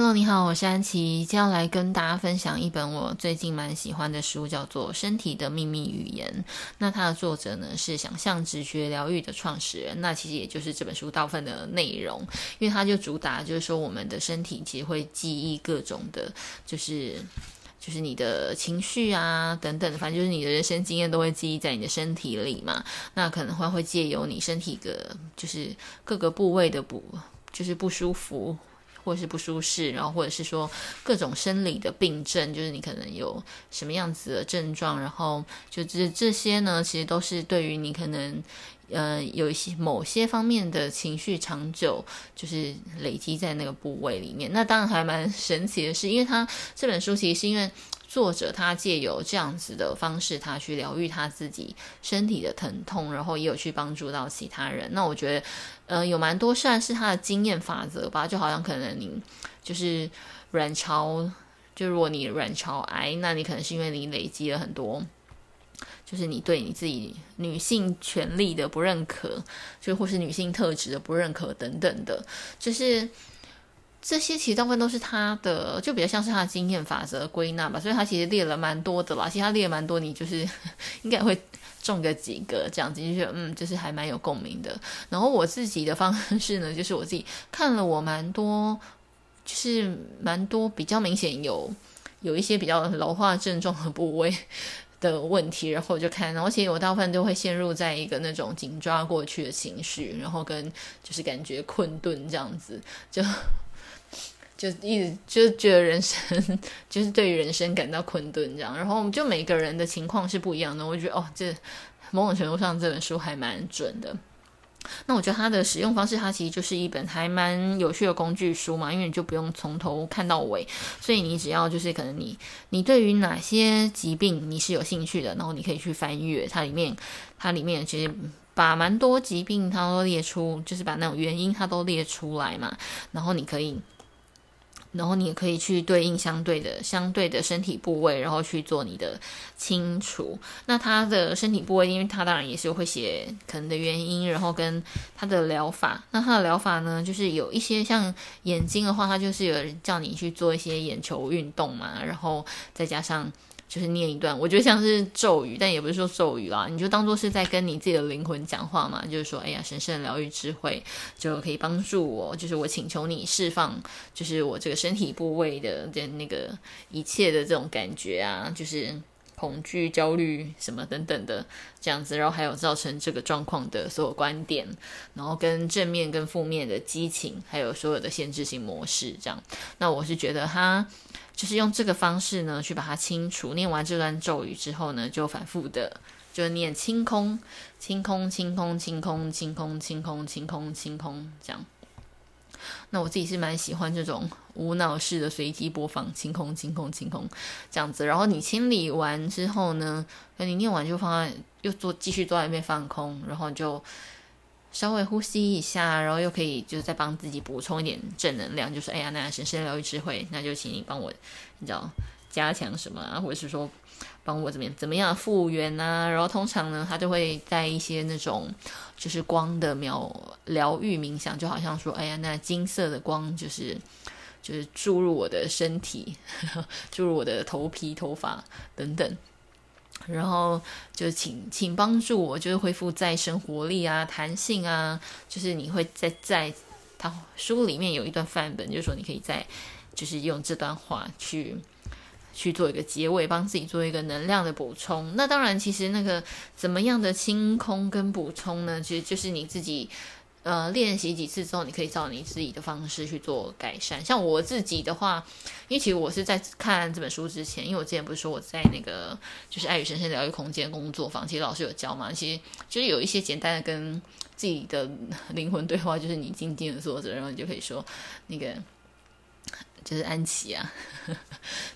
Hello，你好，我是安琪，今天要來跟大家分享一本我最近蠻喜歡的書，叫做《身體的秘密語言》。那它的作者呢是想象直覺療癒的創始人，那其實也就是這本書大部分的內容，因為它就主打就是說我們的身體其實會記憶各種的，就是就是你的情緒啊等等，反正就是你的人生經驗都會記憶在你的身體裡嘛。那可能會會借由你身體的，就是各個部位的補，就是不舒服。或是不舒適，然後或者是說各種生理的病症，就是你可能有什麼樣子的症狀，然後就是這些呢，其實都是對於你可能呃有一些某些方面的情緒長久就是累積在那個部位裡面。那當然還蠻神奇的是，因為他這本書其實是因為。作者他借由這樣子的方式，他去療癒他自己身體的疼痛，然後也有去幫助到其他人。那我覺得，呃，有蠻多，算是他的經驗法則吧，就好像可能你就是卵巢，就如果你卵巢癌，那你可能是因為你累積了很多，就是你對你自己女性權利的不認可，就或是女性特質的不認可等等的，就是。這些其實大部分都是他的，就比較像是他的經驗法則歸納吧，所以他其實列了蠻多的啦。其實他列了蠻多，你就是應該會中個幾個這樣子，就是嗯，就是還蠻有共鳴的。然後我自己的方式呢，就是我自己看了我蠻多，就是蠻多比較明顯有有一些比較老化症狀的部位的問題，然後就看，然後其實我大部分都會陷入在一個那種緊抓過去的情緒，然後跟就是感覺困頓這樣子就。就一直就覺得人生，就是對於人生感到困頓這樣，然後我們就每個人的情況是不一樣的。我覺得哦，這某種程度上這本書還蠻準的。那我覺得它的使用方式，它其實就是一本還蠻有趣的工具書嘛，因為你就不用從頭看到尾，所以你只要就是可能你你對於哪些疾病你是有興趣的，然後你可以去翻閱它裡面，它裡面其實把蠻多疾病它都列出，就是把那種原因它都列出來嘛，然後你可以。然後你可以去對應相對的相對的身體部位，然後去做你的清除。那他的身體部位，因為他當然也是會寫可能的原因，然後跟他的療法。那他的療法呢，就是有一些像眼睛的話，他就是有人叫你去做一些眼球運動嘛，然後再加上。就是念一段，我覺得像是咒語，但也不是說咒語啦，你就當做是在跟你自己的靈魂講話嘛。就是說，哎呀，神聖的療癒智慧就可以幫助我，就是我請求你釋放，就是我這個身體部位的這、就是、那個一切的這種感覺啊，就是。恐懼、焦慮什麼等等的這樣子，然後還有造成這個狀況的所有觀點，然後跟正面跟負面的激情，還有所有的限制性模式這樣。那我是覺得他就是用這個方式呢，去把它清除。念完這段咒語之後呢，就反覆的就念清空、清空、清空、清空、清空、清空、清空、清空這樣。那我自己是蠻喜歡這種無腦式的隨機播放，清空、清空、清空這樣子。然後你清理完之後呢，你念完就放在，又做，繼續坐在那邊放空，然後就稍微呼吸一下，然後又可以就是再幫自己補充一點正能量，就是哎呀，那神聖療癒智慧，那就請你幫我，你知道加強什麼啊，或者是說。幫我怎麼樣怎麼樣復原啊？然後通常呢，他就會帶一些那種就是光的療療癒冥想，就好像說，哎呀，那金色的光就是就是注入我的身體呵呵，注入我的頭皮、頭髮等等。然後就請請幫助我，就是恢復再生活力啊、彈性啊。就是你會在在他書裡面有一段範本，就是說你可以在就是用這段話去。去做一個結尾，幫自己做一個能量的補充。那當然，其實那個怎麼樣的清空跟補充呢？其實就是你自己，呃，練習幾次之後，你可以照你自己的方式去做改善。像我自己的話，因為其實我是在看這本書之前，因為我之前不是說我在那個就是愛與神聖療癒空間工作坊，其實老師有教嘛，其實就是有一些簡單的跟自己的靈魂對話，就是你靜靜的坐着，然後你就可以說那個。就是安琪啊，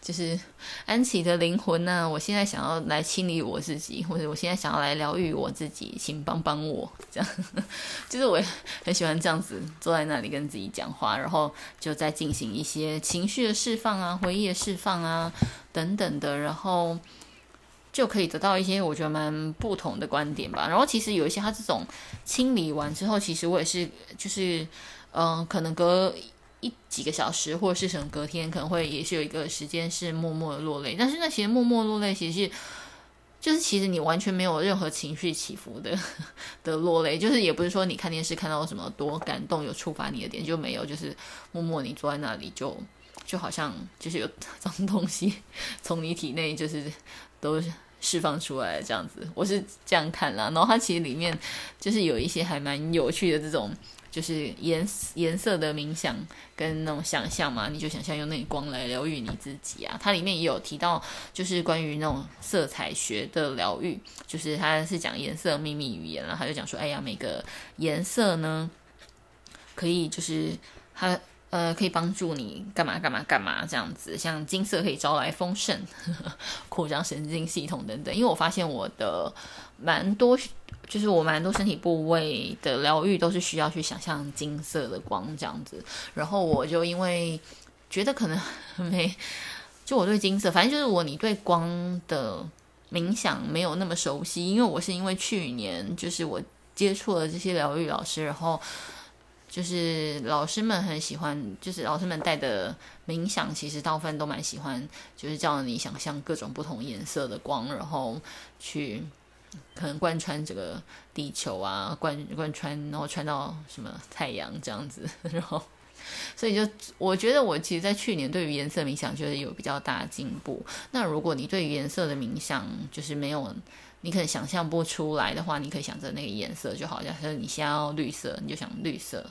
就是安琪的靈魂呢、啊。我現在想要來清理我自己，或者我現在想要來療癒我自己，請幫幫我。這樣，就是我很喜歡這樣子坐在那裡跟自己講話，然後就在進行一些情緒的釋放啊、回憶的釋放啊等等的，然後就可以得到一些我覺得蠻不同的觀點吧。然後其實有一些，他這種清理完之後，其實我也是，就是嗯、呃，可能隔。一幾個小時，或者是什麼隔天，可能會也是有一個時間是默默的落淚。但是那些默默落淚，其實是就是其實你完全沒有任何情緒起伏的的落淚，就是也不是說你看電視看到什麼多感動，有觸發你的點就沒有，就是默默你坐在那裡就就好像就是有髒東西從你體內就是都釋放出來這樣子，我是這樣看啦。然後它其實裡面就是有一些還蠻有趣的這種。就是顏顏色的冥想跟那種想象嘛，你就想象用那光來療癒你自己啊。它裡面也有提到，就是關於那種色彩學的療癒，就是它是講顏色秘密語言，然後它就講說，哎呀，每個顏色呢，可以就是它呃可以幫助你幹嘛幹嘛幹嘛這樣子，像金色可以招來豐盛呵呵，擴張神經系統等等。因為我發現我的。蠻多，就是我蠻多身體部位的療癒都是需要去想象金色的光這樣子。然後我就因為覺得可能呵呵沒，就我對金色，反正就是我你對光的冥想沒有那麼熟悉，因為我是因為去年就是我接觸了這些療癒老師，然後就是老師們很喜歡，就是老師們帶的冥想，其實大部分都蠻喜歡，就是叫你想象各種不同顏色的光，然後去。可能貫穿這個地球啊，貫貫穿，然後穿到什麼太陽這樣子，然後，所以就我覺得我其實，在去年對於顏色冥想，就是有比較大進步。那如果你對於顏色的冥想就是沒有，你可能想象不出來的話，你可以想着那個顏色，就好像說你想要綠色，你就想綠色，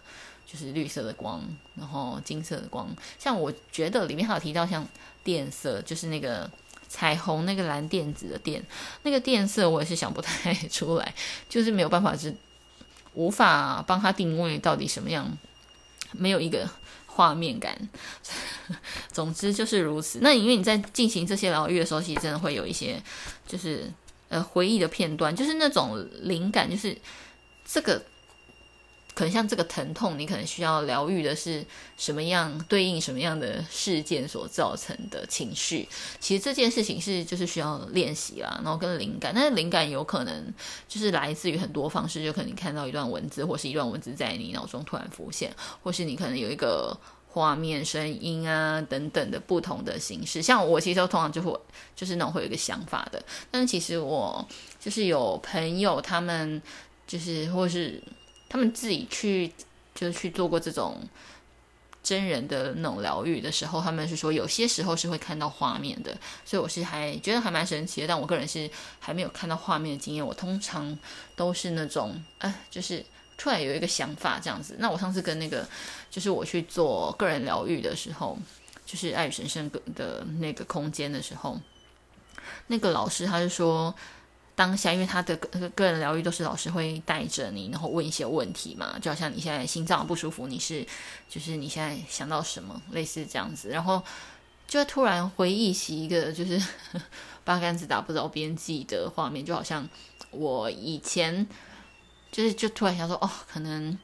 就是綠色的光，然後金色的光。像我覺得裡面還有提到像靛色，就是那個。彩虹那個藍靛紫的靛，那個靛色我也是想不太出來，就是沒有辦法知，無法幫他定位到底什麼樣，沒有一個畫面感。呵呵總之就是如此。那因為你在進行這些療癒的時候，其實真的會有一些就是呃回憶的片段，就是那種靈感，就是這個。可能像這個疼痛，你可能需要療癒的是什麼樣？對應什麼樣的事件所造成的情緒？其實這件事情是就是需要練習啦，然後跟靈感。但是靈感有可能就是來自於很多方式，就可能你看到一段文字，或是一段文字在你腦中突然浮現，或是你可能有一個畫面、聲音啊等等的不同的形式。像我其實通常就會就是那種會有一個想法的，但是其實我就是有朋友他們就是或是。他們自己去，就是去做過這種真人的那種療癒的時候，他們是說有些時候是會看到畫面的，所以我是還覺得還蠻神奇的。但我個人是還沒有看到畫面的經驗，我通常都是那種，哎，就是突然有一個想法這樣子。那我上次跟那個，就是我去做個人療癒的時候，就是愛與神聖的那個空間的時候，那個老師他就說。當下，因為他的個個人療癒都是老師會帶着你，然後問一些問題嘛，就好像你現在心臟不舒服，你是就是你現在想到什麼，類似這樣子，然後就會突然回憶起一個就是呵呵八竿子打不着邊際的畫面，就好像我以前就是就突然想說，哦，可能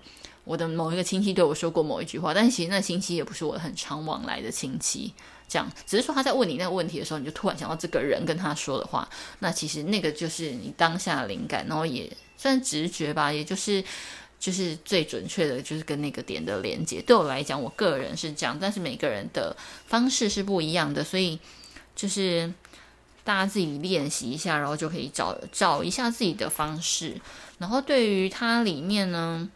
我的某一個親戚對我說過某一句話，但其實那親戚也不是我很常往來的親戚。這樣，只是說他在問你那個問題的時候，你就突然想到這個人跟他說的話，那其實那個就是你當下的靈感，然後也算直覺吧，也就是就是最準確的，就是跟那個點的連接。對我來講，我個人是這樣，但是每個人的方式是不一樣的，所以就是大家自己練習一下，然後就可以找找一下自己的方式。然後對於它裡面呢，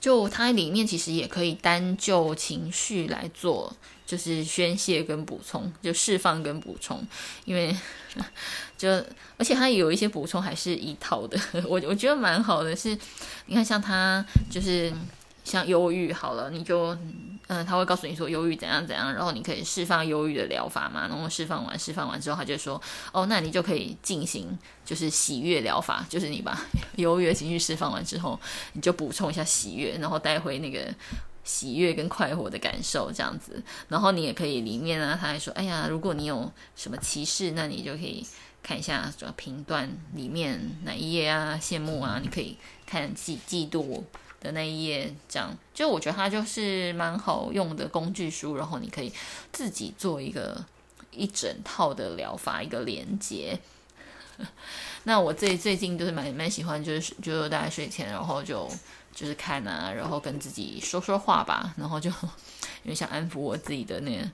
就它裡面其實也可以單就情緒來做。就是宣洩跟補充，就釋放跟補充，因為就而且他有一些補充還是一套的，我我覺得蠻好的。是，你看像他就是像憂鬱好了，你就嗯、呃、他會告訴你說憂鬱怎樣怎樣，然後你可以釋放憂鬱的療法嘛，然後釋放完釋放完之後，他就說哦，那你就可以進行就是喜悅療法，就是你把憂鬱的情緒釋放完之後，你就補充一下喜悅，然後帶回那個。喜悅跟快活的感受這樣子，然後你也可以裡面啊，他還說，哎呀，如果你有什麼歧視，那你就可以看一下什麼評斷裡面哪一頁啊、羨慕啊，你可以看嫉嫉妒的那一頁這樣。就我覺得它就是蠻好用的工具書，然後你可以自己做一個一整套的療法，一個連接。 那我最最近就是蠻蠻喜歡，就是就大概睡前，然後就。就是看啊，然後跟自己說說話吧，然後就因為想安撫我自己的那個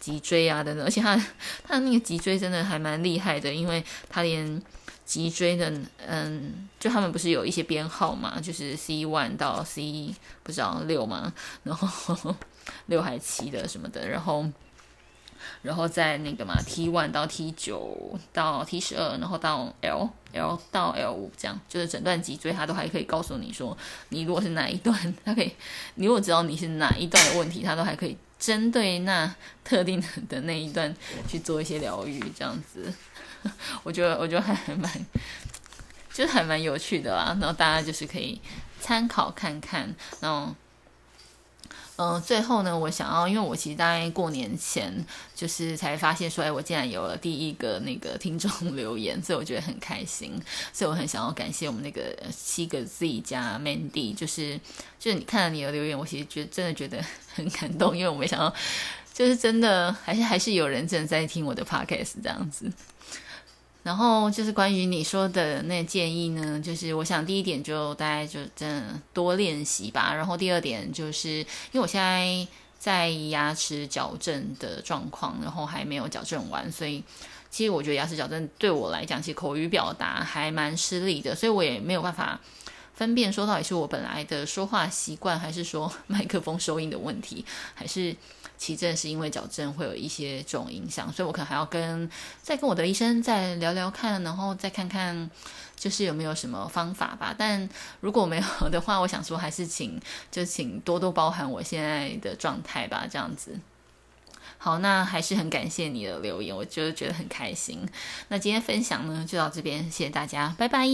脊椎啊等等，而且他他那個脊椎真的還蠻厲害的，因為他連脊椎的嗯，就他們不是有一些編號嘛，就是 C one 到 C 不知道六嘛，然後六還七的什麼的，然後。然後在那個嘛，T1 到 T9 到 T12，然後到 L L 到 L5 這樣，就是整段脊椎，它都還可以告訴你說，你如果是哪一段，它可以，你如果知道你是哪一段的問題，它都還可以針對那特定的那一段去做一些療癒，這樣子，我覺得我覺得還蠻，就是還蠻有趣的啦。然後大家就是可以參考看看，然後。嗯、呃，最後呢，我想要，因為我其實大概過年前就是才發現說，哎，我竟然有了第一個那個聽眾留言，所以我覺得很開心，所以我很想要感謝我們那個七個 Z 加 Mandy，就是就是你看到你的留言，我其實覺得真的覺得很感動，因為我沒想到，就是真的還是還是有人正在聽我的 Podcast 這樣子。然後就是關於你說的那個建議呢，就是我想第一點就大概就真的多練習吧。然後第二點就是，因為我現在在牙齒矯正的狀況，然後還沒有矯正完，所以其實我覺得牙齒矯正對我來講，其實口語表達還蠻吃力的，所以我也沒有辦法分辨說到底是我本來的說話習慣，還是說麥克風收音的問題，還是。其正是因為矯正會有一些這種影響，所以我可能還要跟再跟我的醫生再聊聊看，然後再看看就是有沒有什麼方法吧。但如果沒有的話，我想說還是請就請多多包涵我現在的狀態吧。這樣子好，那還是很感謝你的留言，我就覺得很開心。那今天分享呢就到這邊，謝謝大家，拜拜。